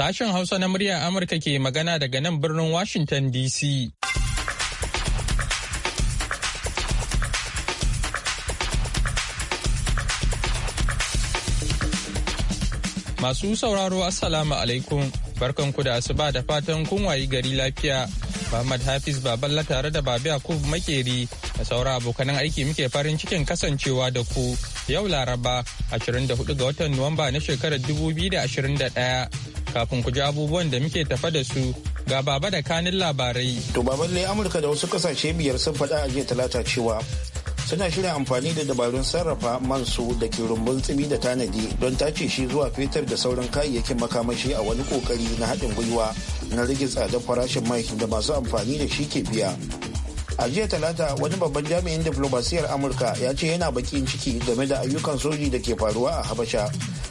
Sashen Hausa na muryar Amurka ke magana daga nan birnin Washington DC. Masu sauraro Assalamu alaikum barkanku da asuba da fatan kun wayi gari lafiya. Muhammad Hafiz Baballa tare da Babi Yakub Makeri da saura abokanan aiki muke farin cikin kasancewa da ku yau Laraba 24 ga watan Nuwamba na shekarar 2021. Kafin ku ji abubuwan da muke tafa da su ga baba da kanin labarai. To ba lai Amurka da wasu kasashe biyar sun faɗa a jiya talata cewa suna shirin amfani da dabarun sarrafa man su da ke rumbun tsimi da tanadi don tace shi zuwa fetur da sauran kayayyakin makamashi a wani kokari na haɗin gwiwa na rage tsadar farashin mai da masu amfani da shi ke biya. a jiya talata wani babban jami'in diflomasiyyar amurka ya ce yana bakin ciki game da ayyukan soji da ke faruwa a habasha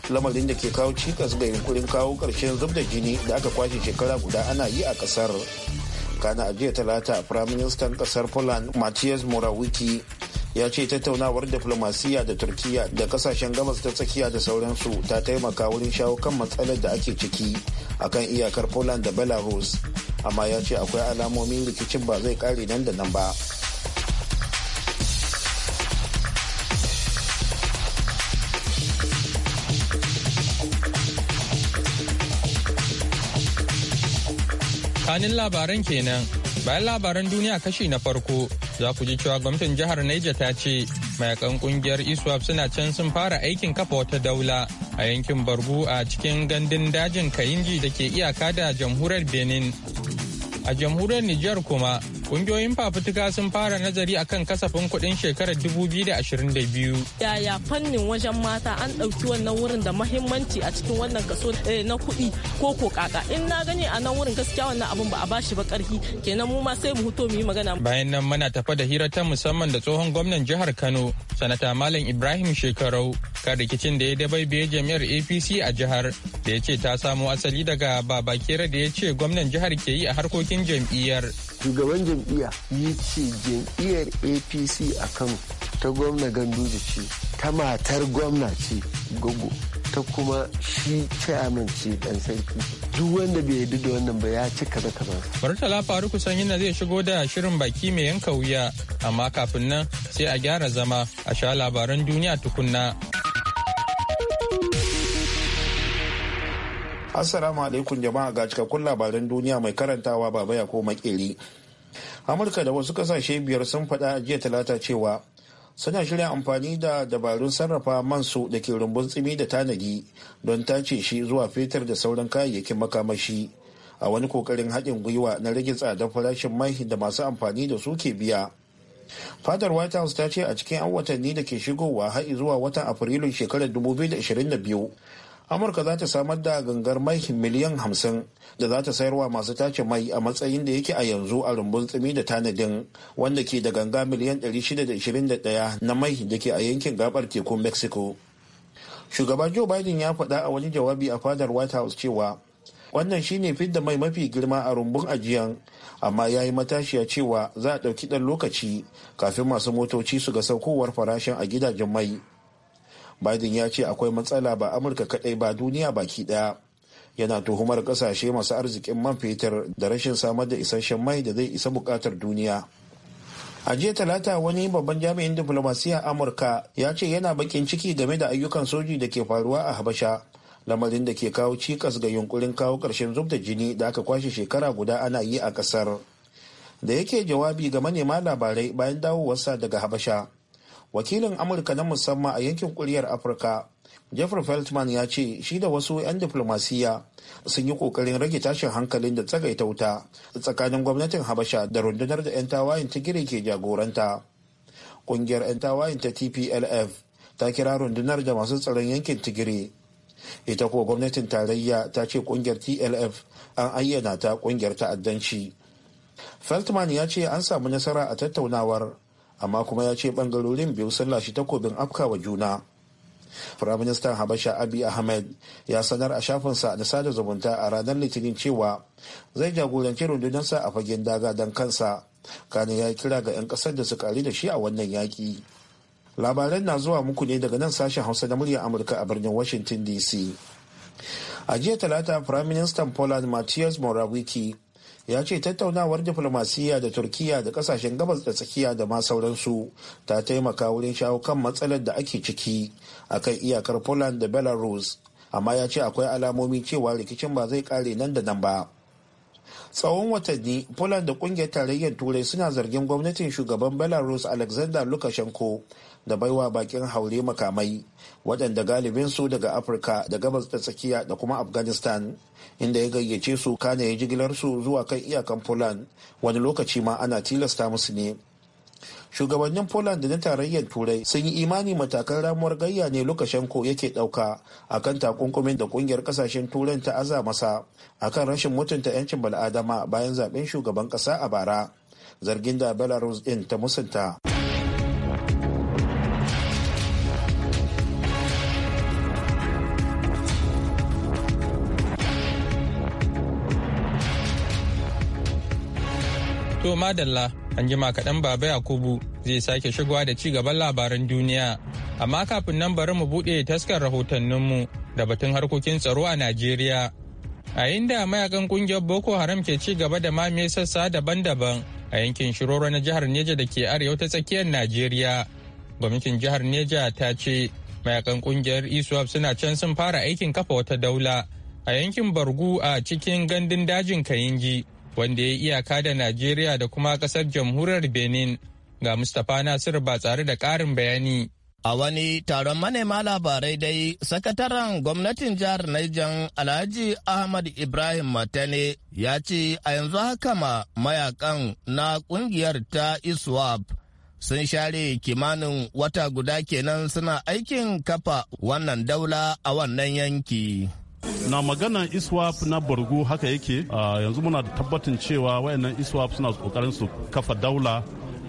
lamarin da ke kawo cikas ga yunkurin kawo karshen zub da jini da aka kwashe shekara guda ana yi a kasar kana a jiya talata firaministan kasar poland matthias morawiki ya ce tattaunawar diflomasiyya da turkiya da kasashen gabas ta tsakiya da sauransu ta taimaka wurin shawo kan matsalar da ake ciki akan iyakar poland da belarus amma ya ce akwai alamomin rikicin ba zai kare nan da nan ba kanin labaran kenan bayan labaran duniya kashi na farko za ku ji cewa gwamnatin jihar Niger ta ce mayakan kungiyar iswap e suna can sun fara aikin kafa wata daula a yankin bargu a cikin gandun dajin kayinji da ke iyaka da jamhuriyar benin a jamhuriyar niger kuma Kungiyoyin fafutuka sun fara nazari akan kasafin kuɗin shekarar 2022. Yaya fannin wajen mata an ɗauki wannan wurin da mahimmanci a cikin wannan kaso eh, na kuɗi ko ko kaka. In na gani a nan wurin gaskiya wannan abun ba a bashi ba ƙarfi kenan mu ma sai mu huto mu yi magana. Bayan nan muna tafa da hira ta musamman da tsohon gwamnan jihar Kano, sanata Malam Ibrahim Shekarau, kan rikicin da ya biye jami'ar APC a jihar da ya ce ta samo asali daga babakera da ya ce gwamnan jihar ke yi a harkokin jam'iyyar. Shugaban jam'iyya yi ce jam'iyyar apc a kano ta gwamna ganduje ce ta matar gwamna ce gogo ta kuma shi chairman ce dan sarki duk wanda bai yadda da wannan ba ya ci kaza kaza Murtala Faruku yana zai shigo da shirin baki mai yanka wuya amma kafin nan sai a gyara zama a sha labaran duniya tukunna Assalamu alaikum jama'a ga cikakkun labaran duniya mai karantawa baba ya ko makeri amurka da wasu kasashe biyar sun faɗa jiya talata cewa suna shirya amfani da dabarun sarrafa man su da ke rumbun tsimi da tanadi don tace shi zuwa fetur da sauran kayayyakin makamashi a wani kokarin haɗin gwiwa na rage tsadar farashin mai da masu amfani da su ke biya fadar white house ta ce a cikin 'yan watanni da ke shigowa har zuwa watan afrilun shekarar 2022 amurka za ta samar da gangar mai miliyan hamsin da za ta sayarwa masu tace mai a matsayin da yake a yanzu a rumbun tsimi da tanadin wanda ke da ganga miliyan 621 na mai da ke a yankin gabar tekun mexico shugaba joe biden ya faɗa a wani jawabi a fadar white house cewa wannan shine fidda mai mafi girma a rumbun ajiyan amma ya yi matashiya cewa za a ɗauki ɗan lokaci kafin masu motoci su ga saukowar farashin a gidajen mai biden ya ce akwai matsala ba amurka kadai ba duniya baki daya yana tuhumar kasashe masu arzikin man fetur da rashin samar da isasshen mai da zai isa bukatar duniya a jiya talata wani babban jami'in diplomasiya amurka ya ce yana bakin ciki game da ayyukan soji da ke faruwa a habasha lamarin da ke kawo cikas ga yunkurin kawo ƙarshen zub da jini da aka kwashe shekara guda ana yi a ƙasar da yake jawabi ga manema labarai bayan dawowarsa daga habasha wakilin amurka na musamman a yankin kuriyar afirka jeffrey feltman ya ce shi da wasu 'yan diflomasiyya sun yi kokarin rage tashin hankalin da tsagaita wuta tsakanin gwamnatin habasha da rundunar da 'yan tawayen tigiri ke jagoranta kungiyar 'yan tawayen ta tplf ta kira rundunar da masu tsaron yankin tigiri ita kuwa gwamnatin tarayya ta ce kungiyar tlf an ayyana ta kungiyar ta'addanci feltman ya ce an samu nasara a tattaunawar amma kuma ya ce bangarorin biyu sun lashe takobin afka wa juna firaministan habasha abi ahmed ya sanar a shafinsa na sada zumunta a ranar litinin cewa zai jagoranci rundunarsa a fagen daga don kansa kane ya kira ga 'yan kasar da su kari da shi a wannan yaƙi labaran na zuwa muku ne daga nan sashen hausa na muryar amurka a birnin washington dc a jiya talata firaministan poland matthias morawiki ya ce tattaunawar diflomasiyya da turkiya da kasashen gabas da tsakiya da ma sauransu ta taimaka wurin shawo kan matsalar da ake ciki a kan iyakar poland da belarus amma ya ce akwai alamomi cewa rikicin ba zai kare nan da nan ba tsawon watanni poland da kungiyar tarayyar turai suna zargin gwamnatin shugaban belarus alexander lukashenko da baiwa bakin haure makamai waɗanda galibinsu daga afirka da gabas da tsakiya da kuma afghanistan inda ya gayyace su kana ya jigilarsu zuwa kan iyakan poland wani lokaci ma ana tilasta musu ne shugabannin poland da na tarayyar turai sun yi imani matakan ramuwar gayya ne lokacin ko yake ɗauka akan takunkumin da kungiyar kasashen turai ta aza masa akan rashin mutunta 'yancin bal'adama bayan zaben shugaban ƙasa a bara zargin da belarus din ta musunta. To madalla an jima kaɗan baba Yakubu zai sake shigowa da ci gaban labaran duniya. Amma kafin nan bari mu buɗe taskar rahotanninmu da batun harkokin tsaro a Najeriya. A inda mayakan ƙungiyar Boko Haram ke ci gaba da mamaye sassa daban-daban a yankin Shiroro na jihar Neja da ke arewa ta tsakiyar Najeriya. Gwamnatin jihar Neja ta ce mayakan ƙungiyar ISWAP e suna can sun fara aikin kafa wata daula a yankin Bargu a cikin gandun dajin Kayinji. wanda ya yi iyaka da Najeriya da kuma kasar jamhuriyar Benin ga Mustapha Nasir ba tsare da ƙarin bayani. A wani taron manema labarai dai, sakataren gwamnatin jihar Niger Alhaji Ahmad Ibrahim Matane ya ce a yanzu haka ma mayakan na kungiyar ta ISWAP sun share kimanin wata guda kenan suna aikin kafa wannan daula a wannan yanki. na magana iswap na borgu haka yake yanzu muna da tabbatin cewa wayannan iswap suna kokarin su kafa daula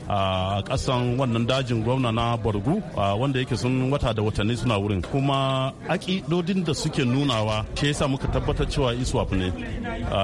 a kasan wannan dajin gwamna na borgu wanda yake sun wata da watanni suna wurin kuma akidodin da suke nunawa Ke yasa muka tabbatar cewa iswap ne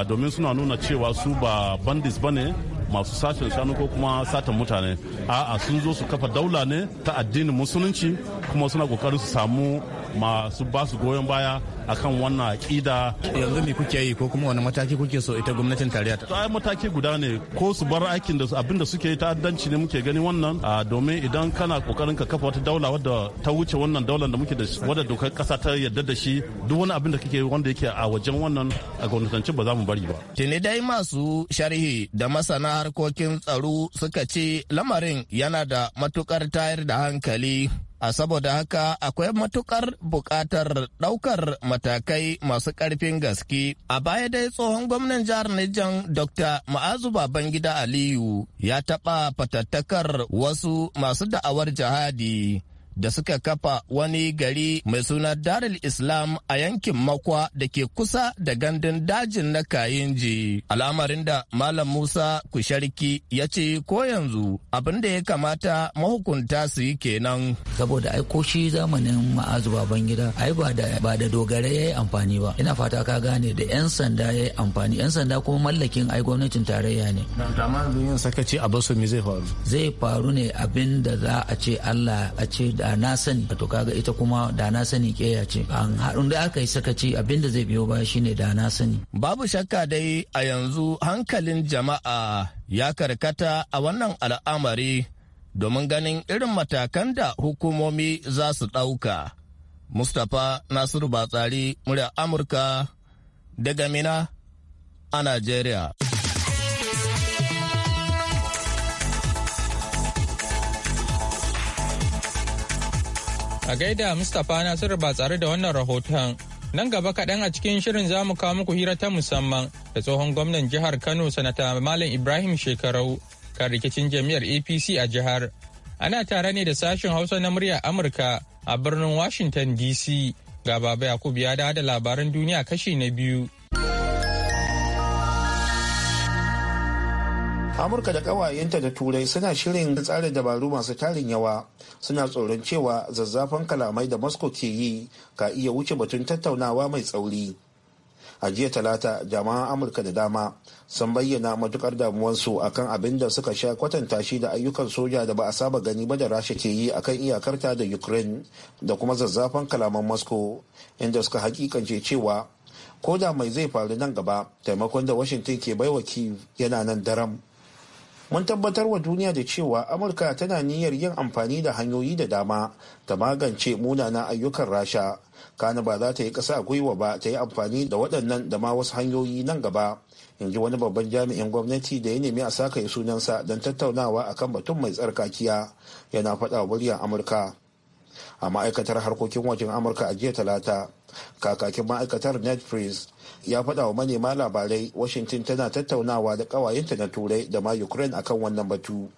domin suna nuna cewa su ba bandits bane masu sashen shanu ko kuma satan mutane a'a sun zo su kafa daula ne ta addinin musulunci kuma suna kokarin su samu masu ba su goyon baya a kan wannan aƙida yanzu me kuke yi ko kuma wani mataki kuke so ita gwamnatin tariya ta ai mataki guda ne ko su bar aikin da abin da suke yi ta'addanci ne muke gani wannan ah, domin idan kana kokarin ka kafa wata daula wadda ta wuce wannan daular da muke da shi wadda dokar kasa ta yarda da shi duk wani abin da kake wanda yake a wajen wannan a gwamnatance ba za mu bari ba tuni dai masu sharhi da masana harkokin tsaro suka ce lamarin yana da matukar tayar da hankali a saboda haka akwai matukar buƙatar ɗaukar matakai masu ƙarfin gaske a baya dai tsohon gwamnan jihar nijan dr ma'azu babangida aliyu ya taɓa fatattakar wasu masu da'awar jihadi da suka kafa wani gari mai suna Darul Islam a yankin Makwa da ke kusa da gandun dajin na Kayinji. Al'amarin da Malam Musa Kusharki ya ce ko yanzu abin da ya kamata mahukunta su yi kenan. Saboda ai ko shi zamanin ma'azu baban gida ai ba da dogara ya yi amfani ba. Ina fata ka gane da 'yan sanda ya yi amfani. 'Yan sanda kuma mallakin ai gwamnatin tarayya ne. Dama yin sakaci a basu me zai faru? Zai faru ne abin da za a ce Allah a ce da da na sani to kaga ita kuma da na sani keya ce an haɗin da aka yi sakaci abinda zai biyo baya shine da na sani babu shakka dai a yanzu hankalin jama'a ya karkata a wannan al'amari domin ganin irin matakan da hukumomi za su ɗauka mustapha nasiru batsari murya amurka daga mina a najeriya A gaida Mustapha Nasiru ba tsare da wannan rahoton. Nan gaba kaɗan a cikin shirin za mu kawo muku hira ta musamman da tsohon gwamnan jihar Kano sanata Malam Ibrahim Shekarau kan rikicin jami'ar APC a jihar. Ana tare ne da sashen Hausa na muryar Amurka a birnin Washington DC. Ga Baba Yakubu ya da labaran duniya kashi na biyu. amurka da ƙawayenta da turai suna shirin tsara dabaru masu tarin yawa suna tsoron cewa zazzafan kalamai da moscow ke yi ka iya wuce batun tattaunawa mai tsauri a jiya talata jama'an amurka da dama sun bayyana matukar damuwarsu akan abin da suka sha kwatanta shi da ayyukan soja da ba a saba gani ba da rasha ke yi akan iyakarta da ukraine da kuma zazzafan kalaman moscow inda suka hakikance cewa ko da mai zai faru nan gaba taimakon da washington ke baiwa kiev yana nan daram mun tabbatar wa duniya da cewa amurka tana niyyar yin amfani da hanyoyi da dama ta magance munana ayyukan rasha kana ba za ta yi ƙasa gwiwa ba ta yi amfani da waɗannan da ma wasu hanyoyi nan gaba in ji wani babban jami'in gwamnati da ya nemi a saka ya sunansa don tattaunawa akan batun mai tsarkakiya yana faɗa muryar amurka a ma'aikatar harkokin wajen amurka a jiya talata kakakin ma'aikatar ned ya faɗa wa manema labarai washington tana tattaunawa da ƙawayenta na turai da ma ukraine akan wannan batu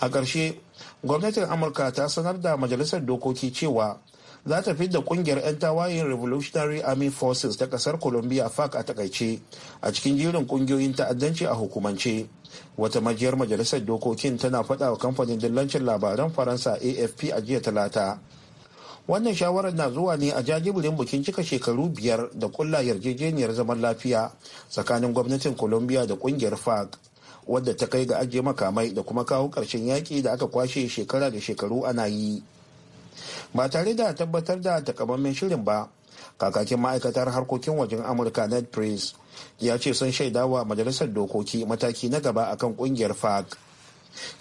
a ƙarshe gwamnatin amurka ta sanar da majalisar dokoki cewa za ta fidda kungiyar 'yan tawayen revolutionary army forces ta ƙasar colombia fac a takaice a cikin jerin ƙungiyoyin ta'addanci a hukumance wata majiyar majalisar dokokin tana faɗa wa kamfanin dillancin labaran faransa afp a jiya talata wannan shawarar na zuwa ne a jajibirin bikin cika shekaru biyar da kulla yarjejeniyar zaman lafiya tsakanin gwamnatin colombia da kungiyar farc wadda ta kai ga ajiye makamai da kuma kawo ƙarshen yaƙi da aka kwashe shekara da shekaru ana yi ba tare da tabbatar da takamammen shirin ba kakakin ma'aikatar harkokin wajen amurka ned price ya ce sun shaidawa majalisar dokoki mataki na gaba akan kungiyar fac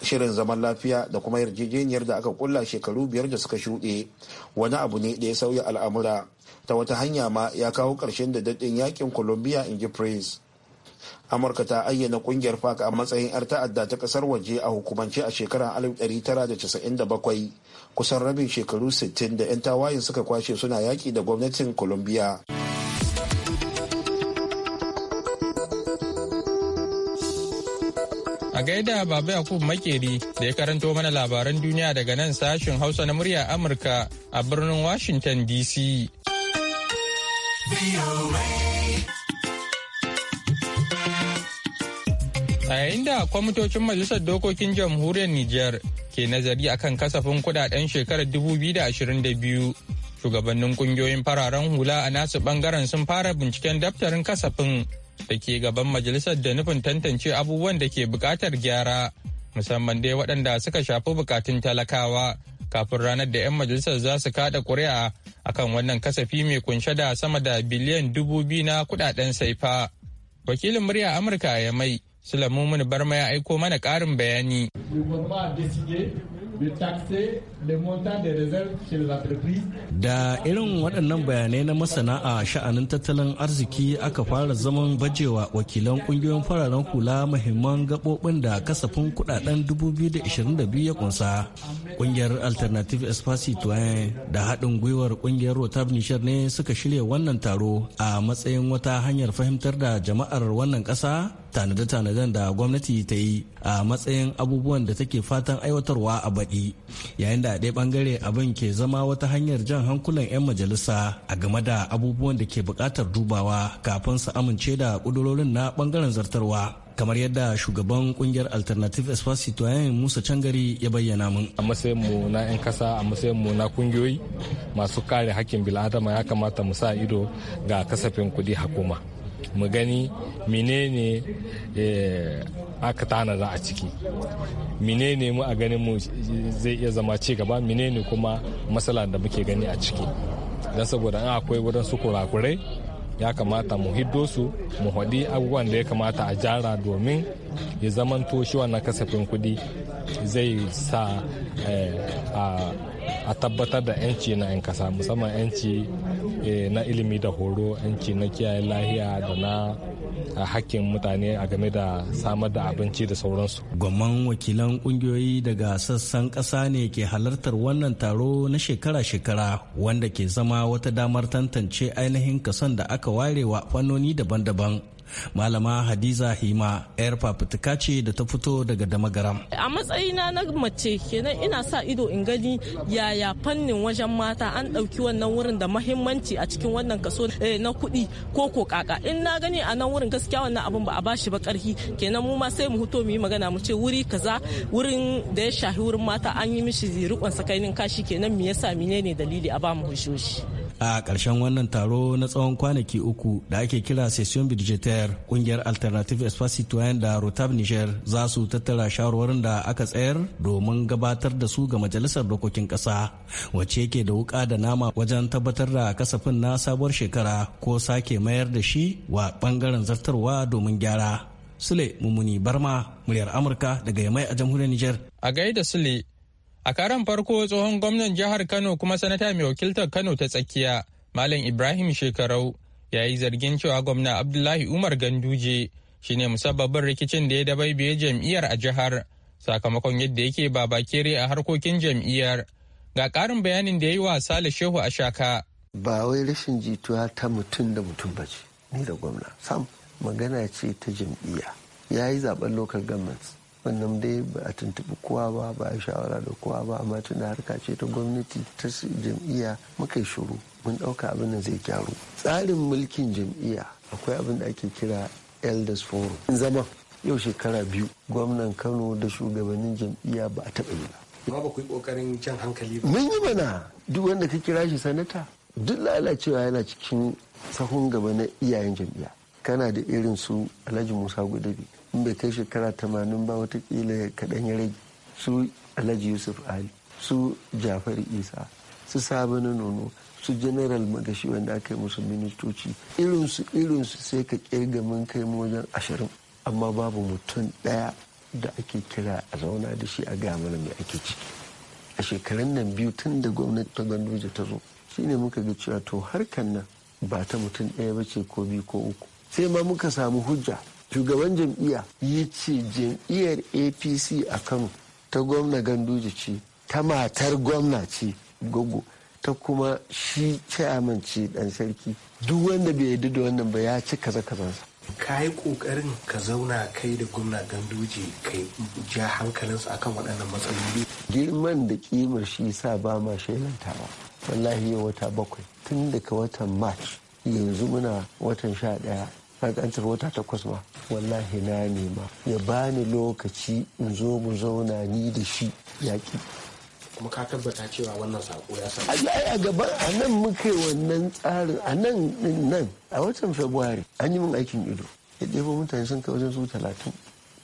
shirin zaman lafiya da kuma yarjejeniyar da aka kulla shekaru biyar da suka shuɗe wani abu ne da ya sauya al'amura ta wata hanya ma ya kawo ƙarshen da daɗin yakin colombia in ji praise amurka ta ayyana ƙungiyar faka a matsayin 'yar ta'adda ta ƙasar waje a hukumance a shekarar 1997 kusan rabin shekaru sittin da 'yan tawayen suka kwashe suna yaƙi da gwamnatin colombia gaida Baba Yakub Makeri da ya karanto mana labaran duniya daga nan sashen Hausa na murya Amurka a birnin Washington DC. A yayin da kwamitocin Majalisar Dokokin Jamhuriyar Nijar ke nazari akan kasafin kudaden shekarar 2022, shugabannin kungiyoyin fararen hula a nasu bangaren sun fara binciken daftarin kasafin da ke gaban majalisar da nufin tantance abubuwan da ke bukatar gyara musamman dai waɗanda suka shafi bukatun talakawa kafin ranar da 'yan majalisar za su kada ƙuri'a akan wannan kasafi mai kunshe da sama da biliyan dubu biyu na kuɗaɗen saifa. Wakilin murya Amurka ya mai Mun Barma ya aiko mana ƙarin bayani. Da irin waɗannan bayanai na masana a sha'anin tattalin arziki aka fara zaman bajewa wakilan ƙungiyoyin fararen hula muhimman gaɓoɓin da kasafin kuɗaɗen 2022 ya kunsa. Ƙungiyar Alternative Espace da haɗin gwiwar ƙungiyar Rotab Nishar ne suka shirya wannan taro a matsayin wata hanyar fahimtar da jama'ar wannan ƙasa tanade-tanaden da gwamnati ta yi a matsayin abubuwan da take fatan aiwatarwa a yayin da a ɗaya ɓangare abin ke zama wata hanyar jan hankulan 'yan majalisa a game da abubuwan da ke buƙatar dubawa kafin su amince da ƙudurorin na ɓangaren zartarwa kamar yadda shugaban kungiyar alternative espace yayin musa cangari ya bayyana mun a matsayin mu na 'yan kasa a matsayin mu na kungiyoyi masu kare hakkin bil'adama ya kamata mu sa ido ga kasafin kudi hakuma mu gani menene eh, aka tanada a ciki menene mu a ganin mu zai iya zama ci gaba menene kuma matsala da muke gani a ciki don saboda in akwai wurin su kurakurai ya kamata mu hiddo su mu haɗi abubuwan da ya kamata a jara domin ya zamanto shi wannan kasafin kuɗi zai sa eh, a a tabbatar da 'yanci na 'yan kasa musamman 'yanci eh, na ilimi da horo 'yanci na kiyaye lahiya da na hakkin mutane a game da samar da abinci da sauransu. Gwamman wakilan kungiyoyi daga sassan ƙasa ne ke halartar wannan taro na shekara-shekara wanda ke zama wata damar tantance ainihin kason da aka warewa fannoni daban-daban malama hadiza hima yar fafutuka ce da ta fito daga damagaram a matsayina na mace kenan ina sa ido in gani yaya fannin wajen mata an ɗauki wannan wurin da mahimmanci a cikin wannan kaso eh, na kuɗi ko ko kaka in na gani a nan wurin gaskiya wannan abun ba a bashi ba karfi kenan mu ma sai mu hito mu yi magana mu ce wuri kaza wurin da ya shahi wurin mata an yi mishi riƙon sakainin kashi kenan me yasa menene dalili a ba mu hushoshi a karshen wannan taro na tsawon kwanaki uku da ake kira session budgetaire kungiyar alternative espace citoyen da rotab niger za su tattara shawarwarin da aka tsayar domin gabatar da su ga majalisar dokokin ƙasa wacce yake da wuka da nama wajen tabbatar da kasafin na sabuwar shekara ko sake mayar da shi wa bangaren zartarwa domin gyara sule mummuni barma muryar amurka daga yamai a jamhuriyar niger a gaida sule A karan farko tsohon gwamnan jihar Kano kuma sanata mai wakiltar Kano ta tsakiya, Malam Ibrahim Shekarau, ya yi zargin cewa gwamna Abdullahi Umar Ganduje shine musabbabin rikicin da ya dabaibaye jam'iyyar a jihar sakamakon yadda yake ba bakere a harkokin jam'iyyar. Ga karin bayanin da ya yi wa Sale Shehu a shaka. Ba wai rashin jituwa ta mutum da mutum ba ce, ni da gwamna. Sam, magana ce ta jam'iyya. Ya yi zaben local government. wannan dai ba a tuntuɓi kowa ba ba a shawara da kowa ba amma tun da harka ce ta gwamnati ta jam'iyya muka yi shuru mun ɗauka abin da zai gyaru tsarin mulkin jam'iyya akwai abin da ake kira elders forum zama yau shekara biyu gwamnan kano da shugabannin jam'iyya ba a taɓa yi ba ma ba ku yi ƙoƙarin jan hankali ba mun yi mana duk wanda ka kira shi sanata duk lalacewa yana cikin sahun gaba na iyayen jam'iyya kana da irin su alhaji musa gudabi in bai kai shekara tamanin ba watakila kaɗan ya rage su alhaji yusuf ali su jafar isa su sabi na nono su general magashi wanda aka yi musu ministoci irinsu irinsu sai ka kirga mun kai mu wajen ashirin amma babu mutum ɗaya da ake kira a zauna da shi a gaya mana mai ake ciki a shekarun nan biyu tun da gwamnati ta gandoji ta zo shine muka ga cewa to harkan nan ba ta mutum ɗaya ba ce ko biyu ko uku sai ma muka samu hujja shugaban jam'iyya yi ce jam'iyyar apc a kano ta gwamna ganduje ce ta matar gwamna ce gogo ta kuma shi chairman ce dan sarki duk wanda bai yarda da wannan ba ya ci kaza kazansa ka yi kokarin ka zauna kai da gwamna ganduje kai ja hankalinsu akan waɗannan matsaloli girman da kimar shi sa ba ma shailantawa wallahi yau wata bakwai tun daga watan march yanzu muna watan sha ɗaya an wata takwas ma wallahi na nema ya bani lokaci in zo mu zauna ni da shi yaƙi kuma ka tabbata cewa wannan sako ya samu a gaba a nan muka wannan tsarin a nan din nan a watan february an yi min aikin ido ya ɗebo mutane sun kai wajen su talatin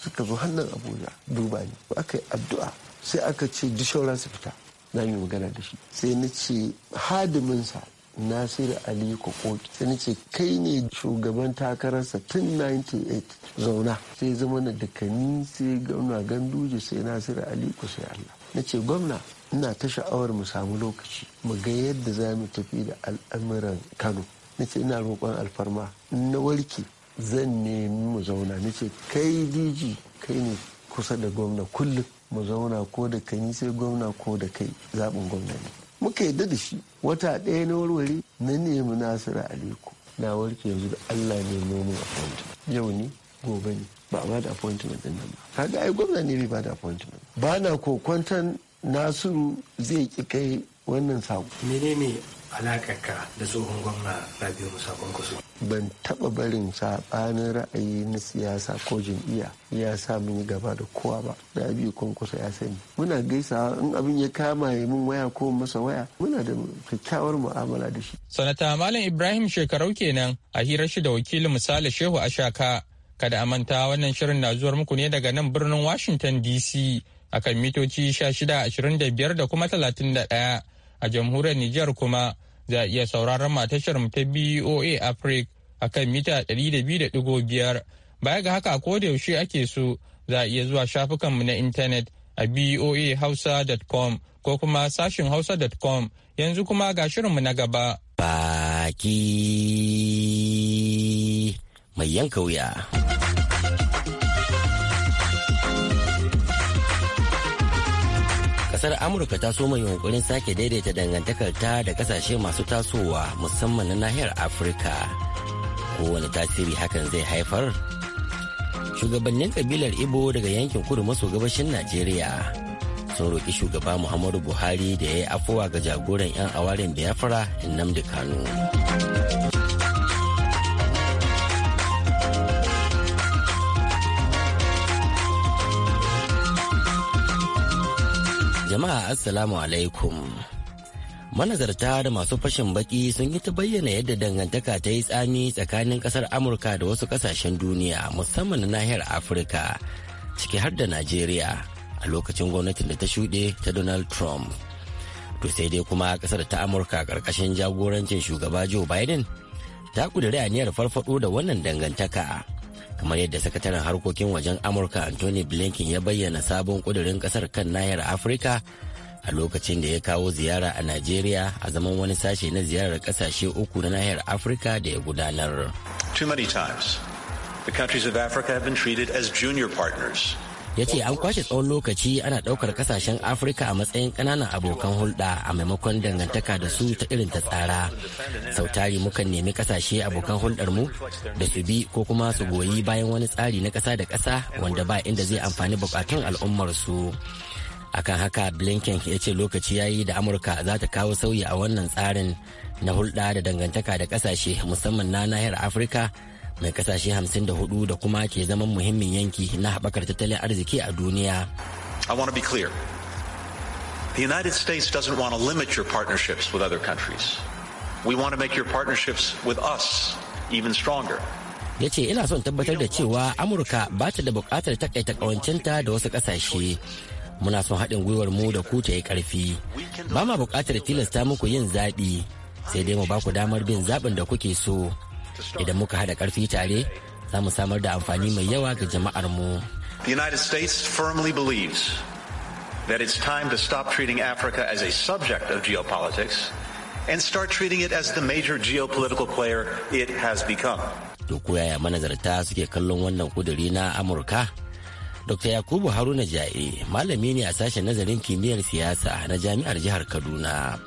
suka zo hannun abuja duba ni aka yi addu'a sai aka ce duk su fita na yi magana da shi sai na ce hadiminsa nasiru ali kokoki sai nace kai ne shugaban takararsa tun 98 zauna sai zama na dakani sai gwamna ganduje sai nasiru ali ku sai allah na ce gwamna ina ta sha'awar mu samu lokaci mu ga yadda za mu tafi da al'amuran kano na ce ina roƙon alfarma na warke zan nemi mu zauna na ce kai diji kai ne kusa da gwamna kullum mu zauna ko da kani sai gwamna ko da kai zaɓin gwamna muka yadda da shi wata ɗaya na warware na nemi nasira aliku na warke yanzu da allah ne nomin appointment yau ne gobe ne ba a bada appointment din nan ba kaga ai gwamna ne bai bada appointment ba na kokwantan nasiru zai ƙi kai wannan sako menene alakarka da tsohon gwamna na biyu musa kusur ban taba barin saɓanin ra'ayi na siyasa ko jam'iyya ya sa mun yi gaba da kowa ba biyu kusa ya sani muna gaisa in abin ya kama ya mun waya ko masa waya muna da kyakkyawar mu'amala da shi sanata malam ibrahim shekarau kenan a hirar shi da wakilin misali shehu ashaka kada a manta wannan shirin na zuwar muku ne daga nan birnin washington dc akan mitoci ashirin da kuma ɗaya. a jamhuriyar Nijar kuma za a iya sauraron matashar ta BOA Africa a kan mita 200.5 baya ga haka ko da yaushe ake so za a iya zuwa shafukanmu na intanet a boahausa.com ko kuma sashin hausa.com yanzu kuma ga shirinmu na gaba. Baki mai yanka wuya. kasar amurka ta soma yunkurin sake daidaita dangantakarta da kasashe masu tasowa musamman na nahiyar afirka kowane tasiri hakan zai haifar shugabannin kabilar ibo daga yankin kudu maso gabashin najeriya sun roƙi shugaba muhammadu buhari da ya yi afuwa ga jagoran 'yan awarin biafra nnamdi kanu Jama'a Assalamu alaikum. Manazarta da masu fashin baki sun yi ta bayyana yadda dangantaka ta yi tsami tsakanin kasar Amurka da wasu kasashen duniya musamman na nahiyar Afirka ciki har da Najeriya a lokacin gwamnatin da ta shuɗe ta Donald Trump. To sai dai kuma kasar ta Amurka ƙarƙashin jagorancin shugaba Joe Biden ta ƙudiri aniyar farfaɗo da wannan dangantaka. kamar yadda sakataren harkokin wajen amurka anthony blinken ya bayyana sabon kudirin kasar kan nahiyar afirka a lokacin da ya kawo ziyara a nigeria a zaman wani sashe na ziyarar kasashe uku na nahiyar afirka da ya gudanar too many times the countries of africa have been treated as junior partners ya ce an kwashe tsawon lokaci ana ɗaukar kasashen afirka a matsayin ƙananan abokan hulɗa a maimakon dangantaka da su ta irin ta tsara sau sautari mukan nemi kasashe abokan hulɗar mu da su bi ko kuma su goyi bayan wani tsari na ƙasa da ƙasa wanda ba inda zai amfani bukatun al'ummar su akan haka blinken ya ce lokaci yayi da amurka za ta kawo sauyi a wannan tsarin na hulɗa da dangantaka da ƙasashe musamman na nahiyar afirka mai kasashe 54 da da kuma ke zaman muhimmin yanki na haɓakar tattalin arziki a duniya. I want to be clear. The United States doesn't want to limit your partnerships with other countries. We want to make your partnerships with us even stronger. ya ce ina son tabbatar da cewa amurka ba ta da bukatar takaita kawancinta da wasu kasashe muna son haɗin gwiwar mu da ku ta yi ƙarfi ba ma bukatar tilasta muku yin zaɓi sai dai mu ba ku damar bin zaɓin da kuke so Idan muka haɗa ƙarfi tare, za mu samar da amfani mai yawa ga jama'ar mu. The United States firmly believes that it's time to stop treating Africa as a subject of geopolitics and start treating it as the major geopolitical player it has become. To koyaya manazarta suke kallon wannan kuduri na Amurka? Dr. Yakubu Haruna Ja'i malami ne a sashen nazarin kimiyyar siyasa na Jami'ar Jihar Kaduna.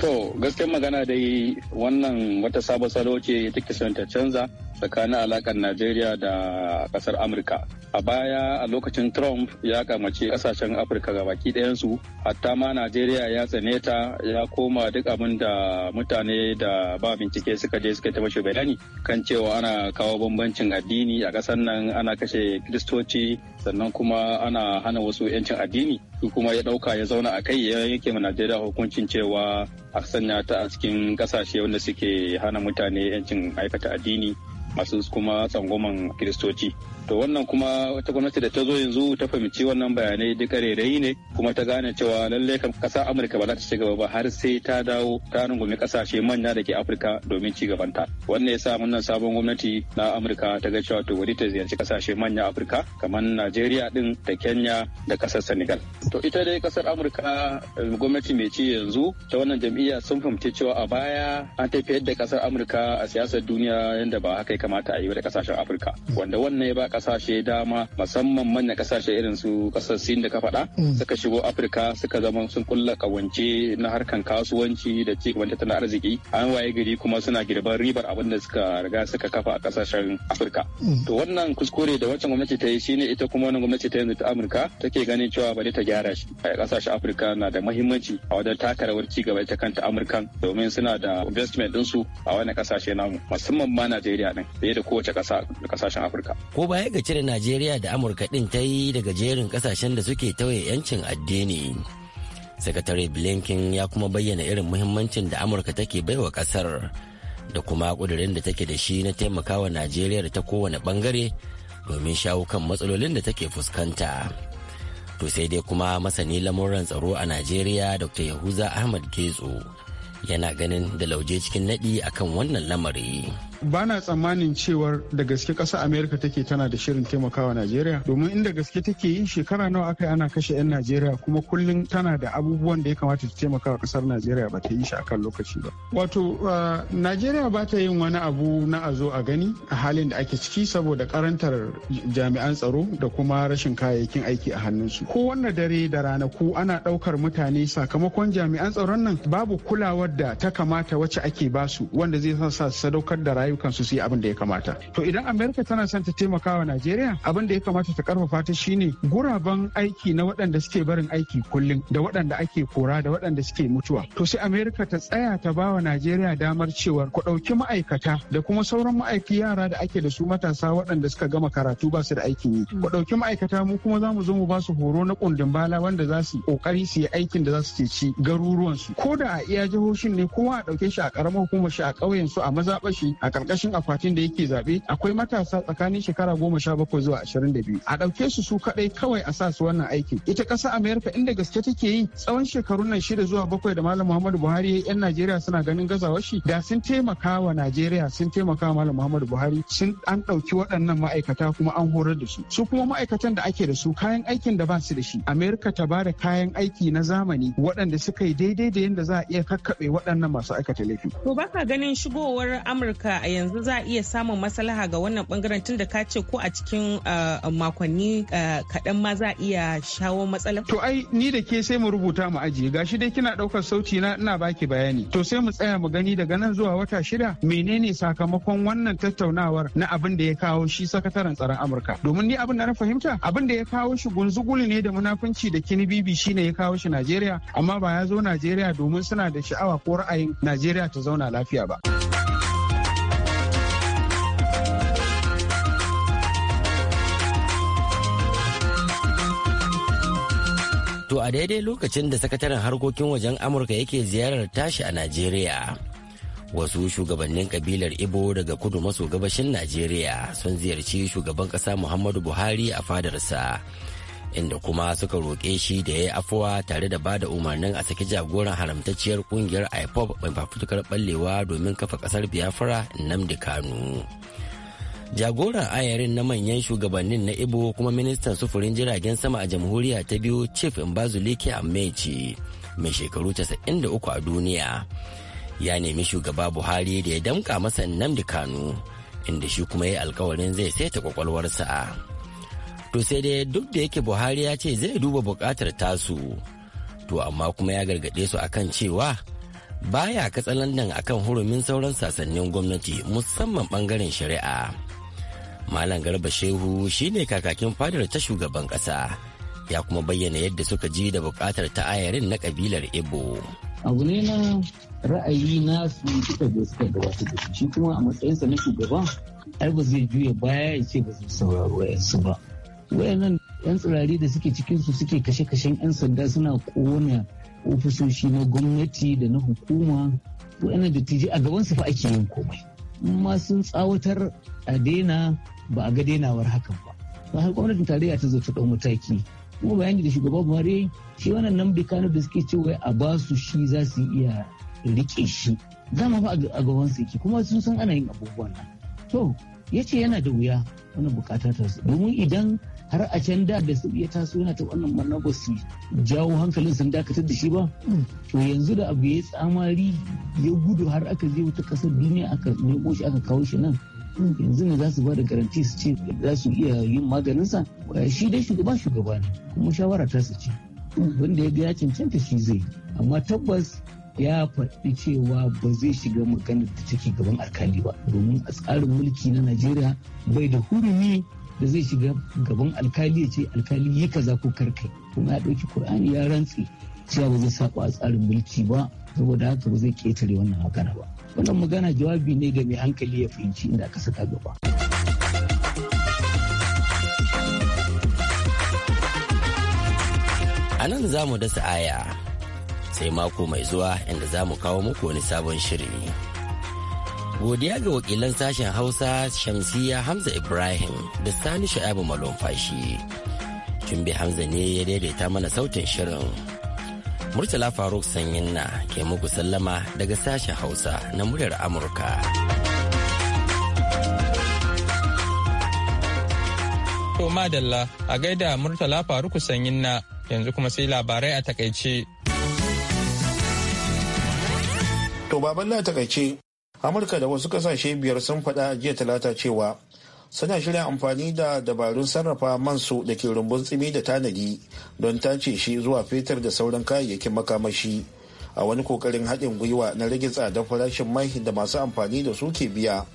To gaskiyar magana dai wannan wata sabon salo ce take son ta canza tsakanin alakar Najeriya da kasar Amurka. A baya a lokacin Trump ya kamace kasashen Afirka ga baki ɗayansu, hatta ma Najeriya ya tsane ta ya koma duk abin da mutane da ba bincike suka je suka taɓa bayani kan cewa ana kawo bambancin addini a ƙasar nan ana kashe Kiristoci sannan kuma ana hana wasu 'yancin addini. su kuma ya ɗauka ya zauna a kai ya yanke ma Najeriya hukuncin cewa a sanya ta a cikin ƙasashe wanda suke hana mutane 'yancin aikata addini masu kuma tsangwaman kiristoci to wannan kuma wata gwamnati da ta zo yanzu ta fahimci wannan bayanai duka rairayi ne kuma ta gane cewa lallai kan kasa amurka ba za ta ci gaba ba har sai ta dawo ta rungumi kasashe manya da ke afirka domin ci gabanta wannan yasa wannan sabon gwamnati na amurka ta ga cewa to wani ta ziyarci kasashe manya afirka kamar najeriya din da kenya da kasar senegal to ita dai kasar amurka eh, gwamnati mai ci yanzu ta wannan jam'iyya sun fahimci cewa a baya an tafiyar da kasar amurka a siyasar duniya yadda ba haka ya kamata a yi da kasashen afirka wanda wannan ya ba kasashe dama musamman manyan kasashe irin su kasar sin da ka faɗa mm. suka shigo afirka suka zama sun kulla kawance na harkan kasuwanci da ci gaban tattalin arziki an waye gari kuma suna girban ribar abin da suka riga suka kafa a kasashen afirka mm. to wannan kuskure da wancan gwamnati ta yi shine ita kuma wannan gwamnati ta yanzu ta amurka take ganin cewa bari ta gyara shi a kasashen afirka na da mahimmanci a wajen taka rawar ci gaba ita kanta amurkan domin suna da investment ɗinsu a wani kasashe namu musamman ma najeriya din fiye da kowace ƙasa da kasashen afirka ko baya ga cire najeriya da amurka ɗin ta yi daga jerin kasashen da suke tauye 'yancin addini sakatare blinken ya kuma bayyana irin muhimmancin da amurka take baiwa ƙasar da kuma ƙudurin da take da shi na taimakawa najeriya ta kowane ɓangare domin shawo kan matsalolin da take fuskanta to sai dai kuma masani lamuran tsaro a najeriya dr yahuza ahmad getso yana ganin da lauje cikin naɗi akan wannan lamari. Bana tsammanin cewar da gaske ƙasa amerika take tana da shirin taimakawa najeriya domin inda gaske take yi shekara nawa aka ana kashe 'yan najeriya kuma kullum tana da abubuwan da ya kamata ta taimakawa ƙasar najeriya ba ta yi shi akan lokaci ba wato najeriya ba ta yin wani abu na a zo a gani a halin da ake ciki saboda karantar jami'an tsaro da kuma rashin kayayyakin aiki a hannun su ko wanne dare da ranaku ana ɗaukar mutane sakamakon jami'an tsaron nan babu kulawar da ta kamata wacce ake basu wanda zai sa sadaukar da rayuwa ayyukan su yi abin da ya kamata to idan amerika tana son ta taimaka wa najeriya abin da ya kamata ta karfafa ta shine guraben aiki na waɗanda suke barin aiki kullum da waɗanda ake kora da waɗanda suke mutuwa to sai amerika ta tsaya ta ba wa najeriya damar cewa ku ɗauki ma'aikata da kuma sauran ma'aiki yara da ake da su matasa waɗanda suka gama karatu ba su da aiki yi ku ɗauki ma'aikata mu kuma za mu zo mu ba su horo na kundin bala wanda za su kokari su yi aikin da za su garuruwan garuruwansu ko da a iya jihohin ne kowa a ɗauke shi a ƙaramar hukumar shi a ƙauyen su a mazaɓa shi a karkashin akwatin da yake zaɓe akwai matasa tsakanin shekara goma sha bakwai zuwa ashirin da biyu a ɗauke su su kaɗai kawai a sa su wannan aikin ita ƙasa amerika inda gaske take yi tsawon shekarun nan shida zuwa bakwai da malam muhammadu buhari ya yan najeriya suna ganin gazawar shi da sun taimaka wa najeriya sun taimaka wa malam muhammadu buhari sun an ɗauki waɗannan ma'aikata kuma an horar da su su kuma ma'aikatan da ake da su kayan aikin da ba su da shi amerika ta ba da kayan aiki na zamani waɗanda suka yi daidai da yadda za a iya kakkaɓe waɗannan masu aikata laifi. to baka ganin shigowar amurka a yanzu za a iya samun maslaha ga wannan bangaren tun da ka ce ko a cikin uh, makonni uh, kaɗan ma za a iya shawo matsala. To ai ni da ke sai mu rubuta mu ajiye gashi dai kina ɗaukar sauti na ina baki bayani. To sai mu tsaya mu gani daga nan zuwa wata shida menene sakamakon wannan tattaunawar na abin da ya kawo shi sakataren tsaron Amurka. Domin ni abin da na fahimta abin da ya kawo shi gunzuguli ne da munafunci da kinibibi shine ya kawo shi Najeriya amma ba ya zo Najeriya domin suna da sha'awa ko ra'ayin Najeriya ta zauna lafiya ba. To a daidai lokacin da sakataren harkokin wajen Amurka yake ziyarar tashi a Najeriya. Wasu shugabannin kabilar Ibo daga kudu maso gabashin Najeriya sun ziyarci shugaban ƙasa Muhammadu Buhari a fadarsa. Inda kuma suka roƙe shi da ya yi afuwa tare da ba da umarnin a saki jagoran haramtacciyar kungiyar ipop mai fafutukar ɓallewa domin kafa ƙasar Biafra Nnamdi Kanu. jagoran ayarin na manyan shugabannin na ibo kuma ministan sufurin jiragen sama a jamhuriya ta biyu chief mbazulike amechi mai shekaru 93 a duniya ya nemi shugaba buhari da ya damka masa nnamdi kanu inda shi kuma ya alkawarin zai saita kwakwalwarsa to sai dai duk da yake buhari ya ce zai duba bukatar tasu to amma kuma ya gargaɗe su akan cewa baya katsalandan akan hurumin sauran sassanin gwamnati musamman bangaren shari'a. Malam Garba Shehu shine kakakin fadar ta shugaban ƙasa ya kuma bayyana yadda suka ji da buƙatar ta ayarin na ƙabilar Ibo. Abu ne na ra'ayi na nasu suka je suka gabatar da shi kuma a matsayinsa na shugaban. ai ba zai juya baya ya ce ba zai sauraro wayansu ba. Wayannan 'yan tsirari da suke cikinsu suke kashe-kashen 'yan sanda suna ƙona ofisoshi na gwamnati da na hukuma waɗannan dattijai a gabansu fa ake yin komai ma sun tsawatar a daina ba a ga denawar hakan ba ba har gwamnatin tarayya ta zo ta ɗau mataki kuma bayani da shugaba buhari shi wannan nan bikano da suke cewa a ba su shi za su iya rike shi za mu fa a gaban su yake kuma sun san ana yin abubuwan nan to ya ce yana da wuya wannan bukata ta domin idan har a can da da su iya taso yana ta wannan barna ba su jawo hankalin sun dakatar da shi ba to yanzu da abu ya yi tsamari ya gudu har aka je wuta kasar duniya aka nemo shi aka kawo shi nan yanzu ne za su ba da garanti su ce za su iya yin maganin sa shi dai shugaba shugaba ne kuma shawara ta su ce wanda ya ga ya cancanta shi zai amma tabbas ya faɗi cewa ba zai shiga maganar da take gaban alkali ba domin a tsarin mulki na najeriya bai da hurumi da zai shiga gaban alkali ya ce alkali ya kaza ko karkai kuma ya ɗauki kur'ani ya rantse cewa ba zai saba a tsarin mulki ba saboda haka ba zai ƙetare wannan magana ba wannan magana jawabi ne ga mai hankali ya fahimci inda aka saka gaba. A nan za mu dasa aya sai mako mai zuwa inda za mu kawo muku wani sabon shirin. Godiya ga wakilan sashen Hausa Shamsiya Hamza Ibrahim da Sani Sha'abu Malumfashi. Tumbi Hamza ne ya daidaita mana sautin shirin. Murtala Faruk Sanyinna ke muku sallama daga sashen Hausa na muryar Amurka. To madalla a gaida Murtala Faruk Sanyinna yanzu kuma sai labarai a takaice. To baban na takaice amurka da wasu kasashe biyar sun faɗa jiya talata cewa suna shirya amfani da dabarun sarrafa su da ke rumbun tsimi da tanadi don tace shi zuwa fetur da sauran kayayyakin makamashi a wani kokarin haɗin gwiwa na rage tsadar farashin mai da masu amfani da su ke biya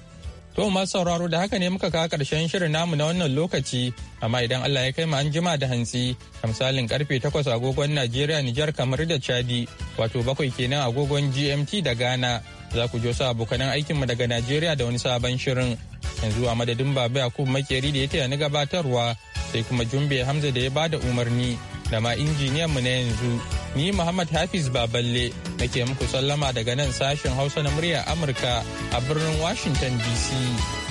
to masu sauraro da haka ne muka kawo karshen shirin namu na wannan lokaci amma idan allah ya kai mu an jima da hantsi a misalin karfe 8 agogon najeriya nijar kamar da chadi wato bakwai kenan agogon gmt da ghana za ku ji wasu abokanan aikinmu daga Najeriya da wani sabon shirin. Yanzu a madadin Baba Yakubu Makeri da ya taya ni gabatarwa sai kuma Jumbe Hamza da ya bada umarni da ma injiniyan mu na yanzu. Ni Muhammad Hafiz Baballe nake muku sallama daga nan sashen Hausa na murya Amurka a birnin Washington DC.